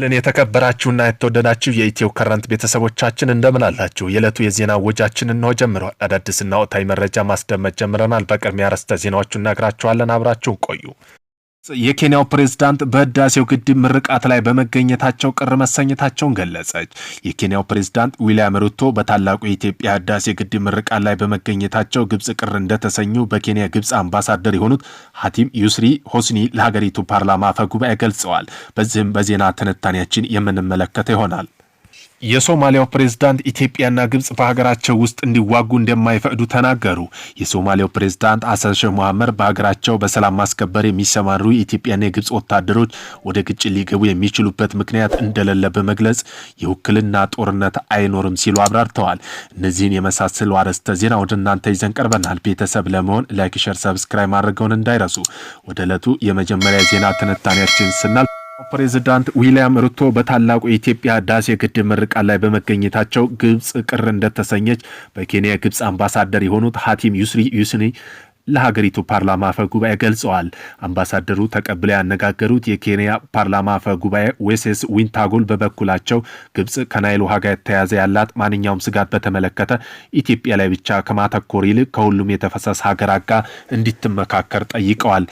ልን የተከበራችሁና የተወደዳችሁ የኢትዮ ከረንት ቤተሰቦቻችን እንደምን አላችሁ? የዕለቱ የዜና ወጃችን እንሆ ጀምረዋል። አዳዲስና ወቅታዊ መረጃ ማስደመጥ ጀምረናል። በቅድሚያ ርዕሰ ዜናዎቹን ነግራችኋለን። አብራችሁን ቆዩ። የኬንያው ፕሬዝዳንት በህዳሴው ግድብ ምርቃት ላይ በመገኘታቸው ቅር መሰኘታቸውን ገለጸች። የኬንያው ፕሬዝዳንት ዊልያም ሩቶ በታላቁ የኢትዮጵያ ህዳሴ ግድብ ምርቃት ላይ በመገኘታቸው ግብጽ ቅር እንደተሰኙ በኬንያ ግብጽ አምባሳደር የሆኑት ሀቲም ዩስሪ ሆስኒ ለሀገሪቱ ፓርላማ አፈ ጉባኤ ገልጸዋል። በዚህም በዜና ትንታኔያችን የምንመለከተው ይሆናል። የሶማሊያው ፕሬዝዳንት ኢትዮጵያና ግብጽ በሀገራቸው ውስጥ እንዲዋጉ እንደማይፈቅዱ ተናገሩ። የሶማሊያው ፕሬዝዳንት ሐሰን ሼህ መሐመድ በሀገራቸው በሰላም ማስከበር የሚሰማሩ የኢትዮጵያና የግብጽ ወታደሮች ወደ ግጭት ሊገቡ የሚችሉበት ምክንያት እንደሌለ በመግለጽ የውክልና ጦርነት አይኖርም ሲሉ አብራርተዋል። እነዚህን የመሳሰሉ አርዕስተ ዜና ወደ እናንተ ይዘን ቀርበናል። ቤተሰብ ለመሆን ላይክ፣ ሸር፣ ሰብስክራይብ ማድረገውን እንዳይረሱ። ወደ ዕለቱ የመጀመሪያ ዜና ትንታኔያችን ስናል ፕሬዚዳንት ዊልያም ሩቶ በታላቁ የኢትዮጵያ ህዳሴ ግድብ ምርቃት ላይ በመገኘታቸው ግብፅ ቅር እንደተሰኘች በኬንያ ግብፅ አምባሳደር የሆኑት ሀቲም ዩስሪ ዩስኒ ለሀገሪቱ ፓርላማ አፈ ጉባኤ ገልጸዋል። አምባሳደሩ ተቀብለው ያነጋገሩት የኬንያ ፓርላማ አፈ ጉባኤ ዌሴስ ዊንታጎል በበኩላቸው ግብፅ ከናይል ውሃ ጋር የተያዘ ያላት ማንኛውም ስጋት በተመለከተ ኢትዮጵያ ላይ ብቻ ከማተኮር ይልቅ ከሁሉም የተፈሰስ ሀገራት ጋር እንዲትመካከር ጠይቀዋል።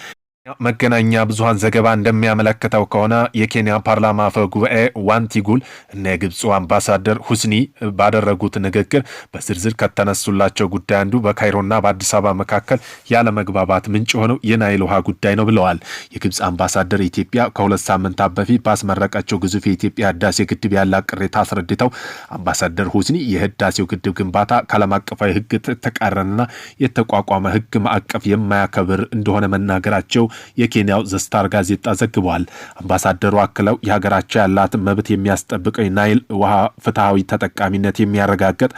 መገናኛ ብዙሃን ዘገባ እንደሚያመለክተው ከሆነ የኬንያ ፓርላማ አፈ ጉባኤ ዋንቲጉል እና የግብፁ አምባሳደር ሁስኒ ባደረጉት ንግግር በዝርዝር ከተነሱላቸው ጉዳይ አንዱ በካይሮና በአዲስ አበባ መካከል ያለመግባባት ምንጭ የሆነው የናይል ውሃ ጉዳይ ነው ብለዋል። የግብፅ አምባሳደር ኢትዮጵያ ከሁለት ሳምንታት በፊት ባስመረቀቸው ግዙፍ የኢትዮጵያ ህዳሴ ግድብ ያላት ቅሬታ አስረድተው አምባሳደር ሁስኒ የህዳሴው ግድብ ግንባታ ከዓለም አቀፋዊ ህግ ተቃረንና የተቋቋመ ህግ ማዕቀፍ የማያከብር እንደሆነ መናገራቸው የኬንያው ዘስታር ጋዜጣ ዘግቧል። አምባሳደሩ አክለው የሀገራቸው ያላትን መብት የሚያስጠብቀው ናይል ውሃ ፍትሐዊ ተጠቃሚነት የሚያረጋግጥ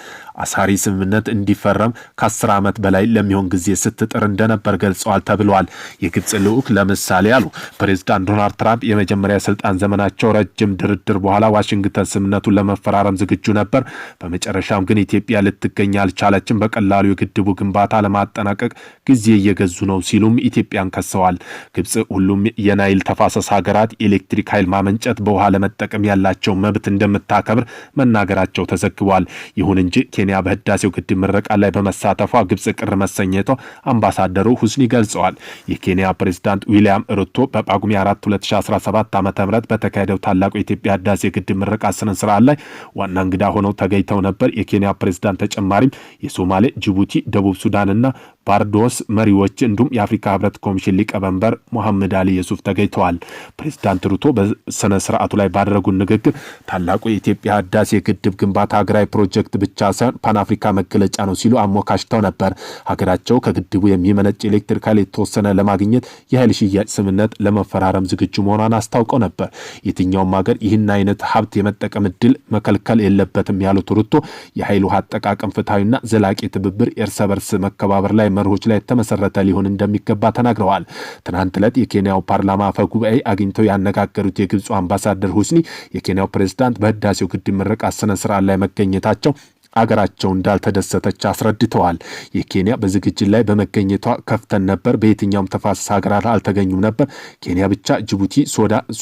አሳሪ ስምምነት እንዲፈረም ከአስር ዓመት በላይ ለሚሆን ጊዜ ስትጥር እንደነበር ገልጸዋል ተብለዋል። የግብፅ ልዑክ ለምሳሌ አሉ ፕሬዚዳንት ዶናልድ ትራምፕ የመጀመሪያ ስልጣን ዘመናቸው ረጅም ድርድር በኋላ ዋሽንግተን ስምምነቱን ለመፈራረም ዝግጁ ነበር። በመጨረሻም ግን ኢትዮጵያ ልትገኝ አልቻለችም። በቀላሉ የግድቡ ግንባታ ለማጠናቀቅ ጊዜ እየገዙ ነው ሲሉም ኢትዮጵያን ከሰዋል። ግብፅ ሁሉም የናይል ተፋሰስ ሀገራት የኤሌክትሪክ ኃይል ማመንጨት በውሃ ለመጠቀም ያላቸው መብት እንደምታከብር መናገራቸው ተዘግቧል። ይሁን እንጂ ኬንያ በህዳሴው ግድብ ምረቃ ላይ በመሳተፏ ግብፅ ቅር መሰኘቷ አምባሳደሩ ሁስኒ ገልጸዋል። የኬንያ ፕሬዝዳንት ዊልያም ሩቶ በጳጉሜ 4 2017 ዓ ም በተካሄደው ታላቁ የኢትዮጵያ ህዳሴ ግድብ ምረቃ ስነ ስርዓት ላይ ዋና እንግዳ ሆነው ተገኝተው ነበር። የኬንያ ፕሬዝዳንት ተጨማሪም የሶማሌ፣ ጅቡቲ፣ ደቡብ ሱዳንና ባርዶስ መሪዎች እንዲሁም የአፍሪካ ህብረት ኮሚሽን ሊቀመንበር ሊቀመንበር ሞሐመድ አሊ የሱፍ ተገኝተዋል። ፕሬዚዳንት ሩቶ በስነ ስርዓቱ ላይ ባደረጉት ንግግር ታላቁ የኢትዮጵያ ህዳሴ ግድብ ግንባታ ሀገራዊ ፕሮጀክት ብቻ ሳይሆን ፓንአፍሪካ መገለጫ ነው ሲሉ አሞካሽተው ነበር። ሀገራቸው ከግድቡ የሚመነጭ ኤሌክትሪክ ኃይል የተወሰነ ለማግኘት የኃይል ሽያጭ ስምነት ለመፈራረም ዝግጁ መሆኗን አስታውቀው ነበር። የትኛውም ሀገር ይህን አይነት ሀብት የመጠቀም እድል መከልከል የለበትም ያሉት ሩቶ የኃይል ውሃ አጠቃቀም ፍትሐዊና ዘላቂ ትብብር፣ እርስ በርስ መከባበር ላይ መርሆች ላይ የተመሰረተ ሊሆን እንደሚገባ ተናግረዋል። ትናንት ዕለት የኬንያው ፓርላማ አፈ ጉባኤ አግኝተው ያነጋገሩት የግብፁ አምባሳደር ሁስኒ የኬንያው ፕሬዝዳንት በህዳሴው ግድብ ምረቃ ስነ ስርዓት ላይ መገኘታቸው አገራቸው እንዳልተደሰተች አስረድተዋል። የኬንያ በዝግጅት ላይ በመገኘቷ ከፍተን ነበር። በየትኛውም ተፋሰስ ሀገራት አልተገኙም ነበር። ኬንያ ብቻ ጅቡቲ፣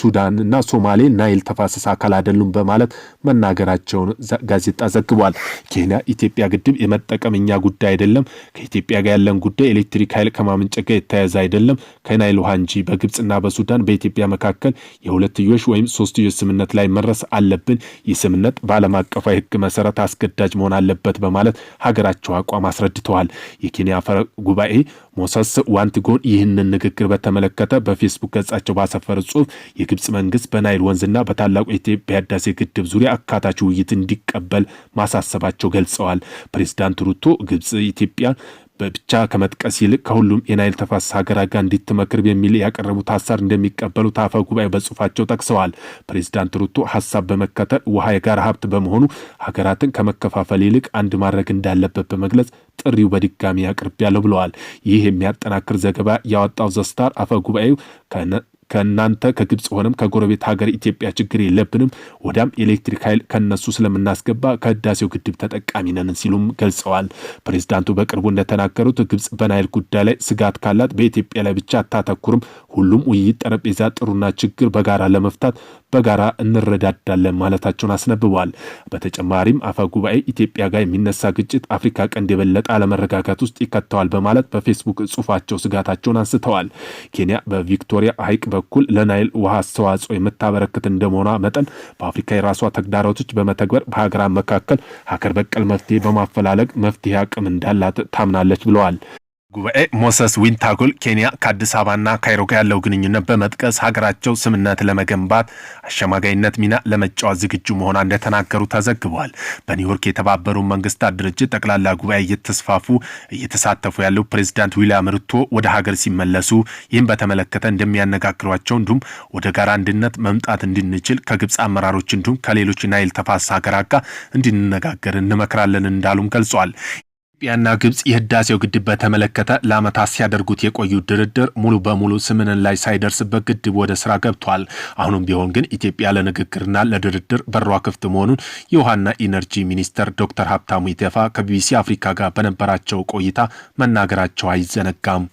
ሱዳን እና ሶማሌ ናይል ተፋሰስ አካል አይደሉም በማለት መናገራቸውን ጋዜጣ ዘግቧል። ኬንያ ኢትዮጵያ ግድብ የመጠቀም እኛ ጉዳይ አይደለም። ከኢትዮጵያ ጋር ያለን ጉዳይ ኤሌክትሪክ ኃይል ከማምንጨ ጋር የተያያዘ አይደለም። ከናይል ውሃ እንጂ በግብፅና በሱዳን በኢትዮጵያ መካከል የሁለትዮሽ ወይም ሶስትዮሽ ስምነት ላይ መድረስ አለብን። ይህ ስምነት በዓለም አቀፋዊ ህግ መሰረት አስገዳጅ መሆን አለበት በማለት ሀገራቸው አቋም አስረድተዋል። የኬንያ አፈ ጉባኤ ሞሰስ ዋንቲጎን ይህንን ንግግር በተመለከተ በፌስቡክ ገጻቸው ባሰፈረ ጽሁፍ የግብፅ መንግስት በናይል ወንዝና በታላቁ የኢትዮጵያ ህዳሴ ግድብ ዙሪያ አካታች ውይይት እንዲቀበል ማሳሰባቸው ገልጸዋል። ፕሬዚዳንት ሩቶ ግብፅ ኢትዮጵያ በብቻ ከመጥቀስ ይልቅ ከሁሉም የናይል ተፋሰስ ሀገራት ጋር እንዲትመክር በሚል ያቀረቡት ሀሳብ እንደሚቀበሉት አፈ ጉባኤ በጽሁፋቸው ጠቅሰዋል። ፕሬዚዳንት ሩቶ ሀሳብ በመከተል ውሃ የጋራ ሀብት በመሆኑ ሀገራትን ከመከፋፈል ይልቅ አንድ ማድረግ እንዳለበት በመግለጽ ጥሪው በድጋሚ ያለው ብለዋል። ይህ የሚያጠናክር ዘገባ ያወጣው ዘስታር አፈ ጉባኤው ከእናንተ ከግብፅ ሆነም ከጎረቤት ሀገር ኢትዮጵያ ችግር የለብንም፣ ወዲያም ኤሌክትሪክ ኃይል ከነሱ ስለምናስገባ ከህዳሴው ግድብ ተጠቃሚ ነን ሲሉም ገልጸዋል። ፕሬዚዳንቱ በቅርቡ እንደተናገሩት ግብፅ በናይል ጉዳይ ላይ ስጋት ካላት በኢትዮጵያ ላይ ብቻ አታተኩርም፣ ሁሉም ውይይት ጠረጴዛ ጥሩና ችግር በጋራ ለመፍታት በጋራ እንረዳዳለን ማለታቸውን አስነብበዋል። በተጨማሪም አፈ ጉባኤ ኢትዮጵያ ጋር የሚነሳ ግጭት አፍሪካ ቀንድ የበለጠ አለመረጋጋት ውስጥ ይከተዋል በማለት በፌስቡክ ጽሁፋቸው ስጋታቸውን አንስተዋል። ኬንያ በቪክቶሪያ ሐይቅ በኩል ለናይል ውሃ አስተዋጽኦ የምታበረክት እንደመሆኗ መጠን በአፍሪካ የራሷ ተግዳሮቶች በመተግበር በሀገራት መካከል ሀገር በቀል መፍትሄ በማፈላለግ መፍትሄ አቅም እንዳላት ታምናለች ብለዋል። ጉባኤ ሞሰስ ዊንታጉል ኬንያ ከአዲስ አበባና ካይሮ ጋር ያለው ግንኙነት በመጥቀስ ሀገራቸው ስምነት ለመገንባት አሸማጋይነት ሚና ለመጫወት ዝግጁ መሆኗ እንደተናገሩ ተዘግቧል። በኒውዮርክ የተባበሩ መንግስታት ድርጅት ጠቅላላ ጉባኤ እየተስፋፉ እየተሳተፉ ያለው ፕሬዚዳንት ዊልያም ርቶ ወደ ሀገር ሲመለሱ ይህም በተመለከተ እንደሚያነጋግሯቸው እንዲሁም ወደ ጋራ አንድነት መምጣት እንድንችል ከግብፅ አመራሮች እንዲሁም ከሌሎች ናይል ተፋሰስ ሀገራት ጋር እንድንነጋገር እንመክራለን እንዳሉም ገልጿል። ኢትዮጵያና ግብጽ የህዳሴው ግድብ በተመለከተ ለዓመታት ሲያደርጉት የቆዩ ድርድር ሙሉ በሙሉ ስምምነት ላይ ሳይደርስበት ግድብ ወደ ስራ ገብቷል። አሁንም ቢሆን ግን ኢትዮጵያ ለንግግርና ለድርድር በሯ ክፍት መሆኑን የውሃና ኢነርጂ ሚኒስተር ዶክተር ሀብታሙ ኢቴፋ ከቢቢሲ አፍሪካ ጋር በነበራቸው ቆይታ መናገራቸው አይዘነጋም።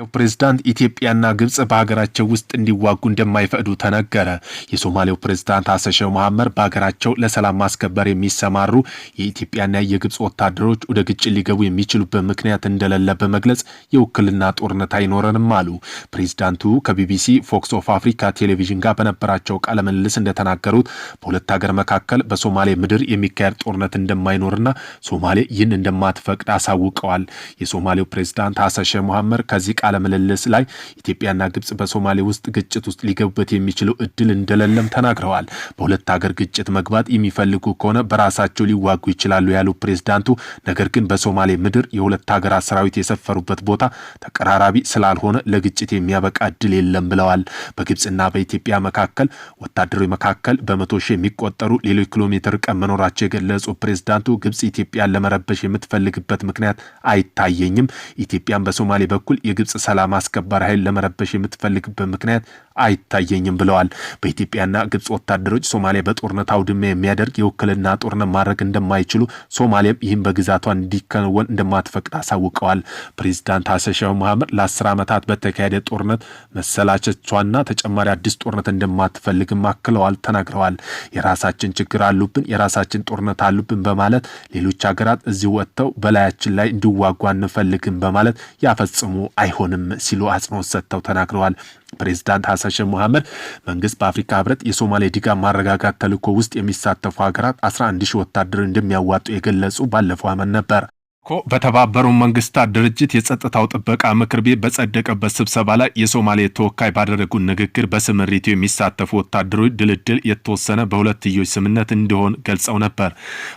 የሶማሌው ፕሬዝዳንት ኢትዮጵያና ግብጽ በሀገራቸው ውስጥ እንዲዋጉ እንደማይፈቅዱ ተነገረ። የሶማሌው ፕሬዝዳንት ሀሰን ሼህ መሐመድ በሀገራቸው ለሰላም ማስከበር የሚሰማሩ የኢትዮጵያና የግብጽ ወታደሮች ወደ ግጭት ሊገቡ የሚችሉበት ምክንያት እንደሌለ በመግለጽ የውክልና ጦርነት አይኖረንም አሉ። ፕሬዝዳንቱ ከቢቢሲ ፎክስ ኦፍ አፍሪካ ቴሌቪዥን ጋር በነበራቸው ቃለ ምልልስ እንደተናገሩት በሁለት ሀገር መካከል በሶማሌ ምድር የሚካሄድ ጦርነት እንደማይኖርና ሶማሌ ይህን እንደማትፈቅድ አሳውቀዋል። የሶማሌው ፕሬዝዳንት ሀሰን ሼህ መሐመድ ከዚህ ቃለምልልስ ላይ ኢትዮጵያና ግብጽ በሶማሌ ውስጥ ግጭት ውስጥ ሊገቡበት የሚችለው እድል እንደሌለም ተናግረዋል። በሁለት ሀገር ግጭት መግባት የሚፈልጉ ከሆነ በራሳቸው ሊዋጉ ይችላሉ ያሉ ፕሬዝዳንቱ፣ ነገር ግን በሶማሌ ምድር የሁለት ሀገራት ሰራዊት የሰፈሩበት ቦታ ተቀራራቢ ስላልሆነ ለግጭት የሚያበቃ እድል የለም ብለዋል። በግብጽና በኢትዮጵያ መካከል ወታደሮች መካከል በመቶ ሺህ የሚቆጠሩ ሌሎች ኪሎ ሜትር ርቀት መኖራቸው የገለጹ ፕሬዝዳንቱ ግብጽ ኢትዮጵያን ለመረበሽ የምትፈልግበት ምክንያት አይታየኝም። ኢትዮጵያን በሶማሌ በኩል የግብጽ ግብፅ ሰላም አስከባሪ ኃይል ለመረበሽ የምትፈልግበት ምክንያት አይታየኝም ብለዋል። በኢትዮጵያና ግብፅ ወታደሮች ሶማሊያ በጦርነት አውድሜ የሚያደርግ የውክልና ጦርነት ማድረግ እንደማይችሉ፣ ሶማሊያም ይህም በግዛቷ እንዲከወን እንደማትፈቅድ አሳውቀዋል። ፕሬዚዳንት ሐሰን ሼህ መሐመድ ለአስር ዓመታት በተካሄደ ጦርነት መሰላቸቷና ተጨማሪ አዲስ ጦርነት እንደማትፈልግም አክለዋል ተናግረዋል። የራሳችን ችግር አሉብን፣ የራሳችን ጦርነት አሉብን በማለት ሌሎች ሀገራት እዚህ ወጥተው በላያችን ላይ እንዲዋጉ አንፈልግም በማለት ያፈጽሙ አይሆንም ሲሉ አጽንኦት ሰጥተው ተናግረዋል። ፕሬዚዳንት ሐሰን ሼህ መሐመድ መንግስት በአፍሪካ ህብረት የሶማሌ ድጋፍ ማረጋጋት ተልኮ ውስጥ የሚሳተፉ ሀገራት 11 ሺህ ወታደሮች እንደሚያዋጡ የገለጹ ባለፈው ዓመት ነበር። ኮ በተባበሩ መንግስታት ድርጅት የጸጥታው ጥበቃ ምክር ቤት በጸደቀበት ስብሰባ ላይ የሶማሌ ተወካይ ባደረጉት ንግግር በስምሪቱ የሚሳተፉ ወታደሮች ድልድል የተወሰነ በሁለትዮሽ ስምነት እንዲሆን ገልጸው ነበር።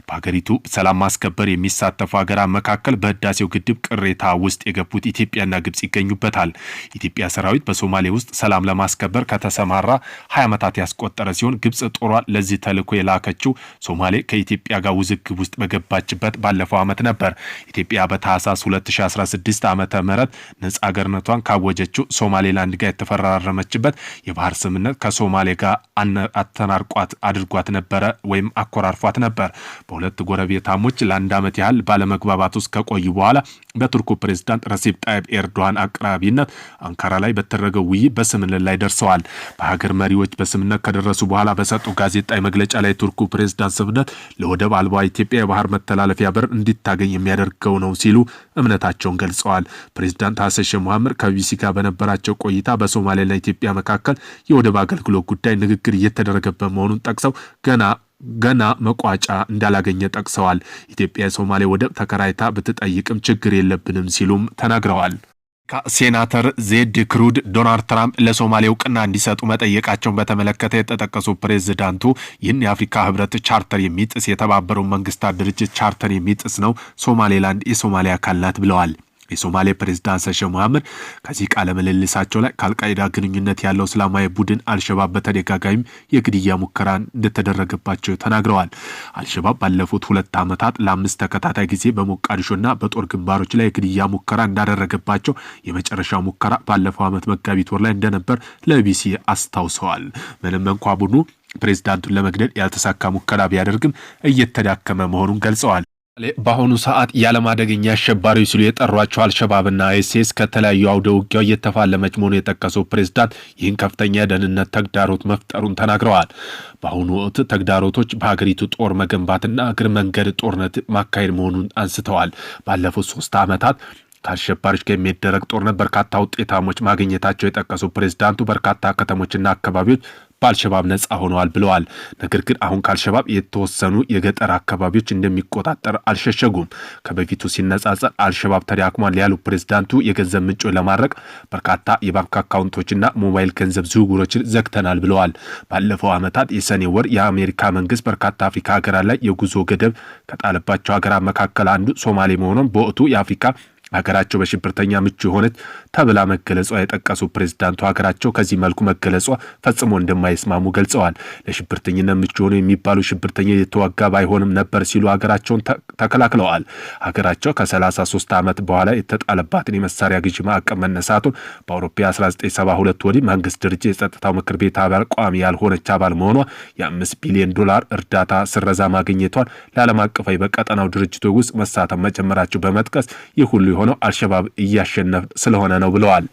በሀገሪቱ ሰላም ማስከበር የሚሳተፉ ሀገራት መካከል በህዳሴው ግድብ ቅሬታ ውስጥ የገቡት ኢትዮጵያና ግብጽ ይገኙበታል። ኢትዮጵያ ሰራዊት በሶማሌ ውስጥ ሰላም ለማስከበር ከተሰማራ ሀያ ዓመታት ያስቆጠረ ሲሆን ግብጽ ጦሯን ለዚህ ተልዕኮ የላከችው ሶማሌ ከኢትዮጵያ ጋር ውዝግብ ውስጥ በገባችበት ባለፈው ዓመት ነበር። ኢትዮጵያ በታህሳስ 2016 ዓ ም ነጻ አገርነቷን ካወጀችው ሶማሌላንድ ጋር የተፈራረመችበት የባህር ስምምነት ከሶማሌ ጋር አተናርቋት አድርጓት ነበረ ወይም አኮራርፏት ነበር። በሁለት ጎረቤታሞች ለአንድ ዓመት ያህል ባለመግባባት ውስጥ ከቆዩ በኋላ በቱርኩ ፕሬዝዳንት ረሲብ ጣይብ ኤርዶሃን አቅራቢነት አንካራ ላይ በተደረገው ውይይት በስምምነት ላይ ደርሰዋል። በሀገር መሪዎች በስምምነት ከደረሱ በኋላ በሰጡ ጋዜጣዊ መግለጫ ላይ ቱርኩ ፕሬዝዳንት ስምምነት ለወደብ አልባ ኢትዮጵያ የባህር መተላለፊያ በር እንዲታገኝ የሚያደ ተደርገው ነው ሲሉ እምነታቸውን ገልጸዋል። ፕሬዚዳንት ሀሰን ሼህ መሐመድ ከቢቢሲ ጋር በነበራቸው ቆይታ በሶማሌና ኢትዮጵያ መካከል የወደብ አገልግሎት ጉዳይ ንግግር እየተደረገበት መሆኑን ጠቅሰው ገና ገና መቋጫ እንዳላገኘ ጠቅሰዋል። ኢትዮጵያ የሶማሌ ወደብ ተከራይታ ብትጠይቅም ችግር የለብንም ሲሉም ተናግረዋል። ሴናተር ዜድ ክሩድ ዶናልድ ትራምፕ ለሶማሌ እውቅና እንዲሰጡ መጠየቃቸውን በተመለከተ የተጠቀሱ ፕሬዝዳንቱ ይህን የአፍሪካ ህብረት ቻርተር የሚጥስ የተባበሩ መንግስታት ድርጅት ቻርተር የሚጥስ ነው፣ ሶማሌላንድ የሶማሌ አካል ናት ብለዋል። የሶማሌ ፕሬዝዳንት ሼህ መሐመድ ከዚህ ቃለ ምልልሳቸው ላይ ከአልቃይዳ ግንኙነት ያለው እስላማዊ ቡድን አልሸባብ በተደጋጋሚም የግድያ ሙከራ እንደተደረገባቸው ተናግረዋል። አልሸባብ ባለፉት ሁለት ዓመታት ለአምስት ተከታታይ ጊዜ በሞቃዲሾና በጦር ግንባሮች ላይ የግድያ ሙከራ እንዳደረገባቸው የመጨረሻ ሙከራ ባለፈው ዓመት መጋቢት ወር ላይ እንደነበር ለቢቢሲ አስታውሰዋል። ምንም እንኳ ቡድኑ ፕሬዝዳንቱን ለመግደል ያልተሳካ ሙከራ ቢያደርግም እየተዳከመ መሆኑን ገልጸዋል። በአሁኑ ሰዓት የዓለም አደገኛ አሸባሪዎች ሲሉ የጠሯቸው አልሸባብና አይሲስ ከተለያዩ አውደ ውጊያው እየተፋለመች መሆኑ የጠቀሰው ፕሬዝዳንት ይህን ከፍተኛ የደህንነት ተግዳሮት መፍጠሩን ተናግረዋል። በአሁኑ ወቅት ተግዳሮቶች በሀገሪቱ ጦር መገንባትና እግር መንገድ ጦርነት ማካሄድ መሆኑን አንስተዋል። ባለፉት ሶስት ዓመታት ከአሸባሪዎች ጋር የሚደረግ ጦርነት በርካታ ውጤታሞች ማግኘታቸው የጠቀሱ ፕሬዝዳንቱ በርካታ ከተሞችና አካባቢዎች በአልሸባብ ነጻ ሆነዋል ብለዋል። ነገር ግን አሁን ከአልሸባብ የተወሰኑ የገጠር አካባቢዎች እንደሚቆጣጠር አልሸሸጉም። ከበፊቱ ሲነጻጸር አልሸባብ ተዳክሟል ያሉ ፕሬዝዳንቱ የገንዘብ ምንጮ ለማድረግ በርካታ የባንክ አካውንቶችና ሞባይል ገንዘብ ዝውውሮችን ዘግተናል ብለዋል። ባለፈው ዓመታት የሰኔ ወር የአሜሪካ መንግስት በርካታ አፍሪካ ሀገራት ላይ የጉዞ ገደብ ከጣለባቸው ሀገራት መካከል አንዱ ሶማሌ መሆኑን በወቅቱ የአፍሪካ ሀገራቸው በሽብርተኛ ምቹ የሆነች ተብላ መገለጿ የጠቀሱ ፕሬዚዳንቱ ሀገራቸው ከዚህ መልኩ መገለጿ ፈጽሞ እንደማይስማሙ ገልጸዋል። ለሽብርተኝነት ምቹ የሆኑ የሚባሉ ሽብርተኛ የተዋጋ ባይሆንም ነበር ሲሉ ሀገራቸውን ተከላክለዋል። ሀገራቸው ከ33 ዓመት በኋላ የተጣለባትን የመሳሪያ ግዥ ማዕቀብ መነሳቱን በአውሮፓ 1972 ወዲህ መንግስት ድርጅት የጸጥታው ምክር ቤት አባል ቋሚ ያልሆነች አባል መሆኗ የአምስት ቢሊዮን ዶላር እርዳታ ስረዛ ማግኘቷን ለዓለም አቀፋዊ በቀጠናው ድርጅቶች ውስጥ መሳተፍ መጀመራቸው በመጥቀስ ይህ ሁሉ የሆነው አልሸባብ እያሸነፍ ስለሆነ ነው ብለዋል።